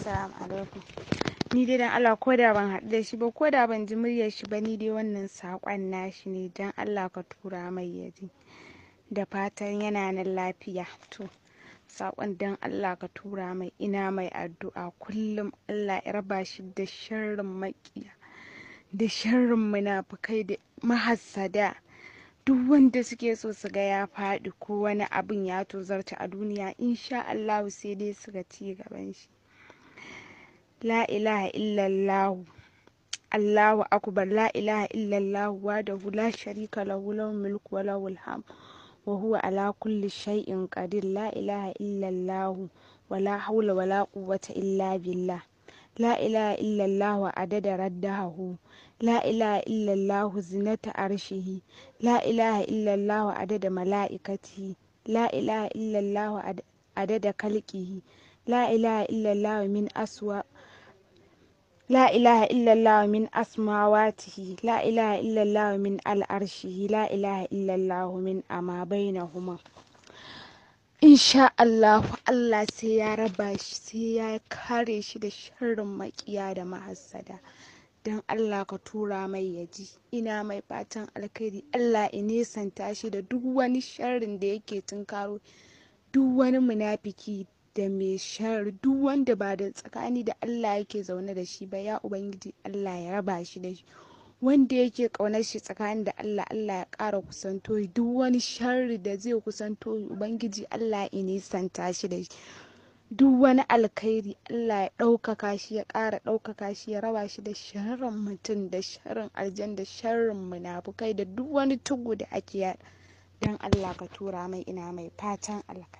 assalamu alaikum ni dai dan Allah ko da ban haɗu da shi ba ko da ban ji muryar shi ba ni dai wannan saƙon nashi ne dan Allah ka tura mai yaji da fatan yana nan lafiya to saƙon dan Allah ka tura mai ina mai addu'a kullum Allah ya raba shi da sharrin maƙiya da sharrin munafukai da mahassada duk wanda suke so su ga ya faɗi ko wani abin ya tozarta a duniya insha Allahu sai dai su ga ci gaban shi la ilaha illallahu Allahu akbar la ilaha illallahu wahdahu la sharika lahu lahul mulku wa lahul hamd wa huwa ala kulli shay'in qadir la ilaha illallahu wa la hawla wa la quwwata illa billah la ilaha illallahu adada raddahu la ilaha illallahu zinata arshihi la ilaha illallahu adada mala'ikatihi la ilaha illallah adada kalqihi la ilaha illallahu min aswa la ilaha illallah min asmawatihi la ilaha illallah min al'arshihi la ilaha illallah min amma in sha Allah Allah sai ya raba shi sai ya kare shi da shirin maƙiya da mahasada don Allah ka tura mai yaji ina mai fatan alkari Allah ine santa shi da duk wani shirin da yake tun duk wani munafiki da mai shar duk wanda ba da tsakani da Allah yake zaune da shi ba ya ubangiji Allah ya raba shi da shi wanda yake ƙaunar shi tsakanin da Allah Allah ya ƙara kusanto duk wani sharri da zai kusanto ubangiji Allah ya nisanta shi da shi duk wani alkhairi Allah ya ɗaukaka shi ya ƙara ɗaukaka shi ya raba shi da sharrin mutum da sharrin aljan da sharrin munafukai da duk wani tugu da ake yada, don Allah ka tura mai ina mai fatan alkhairi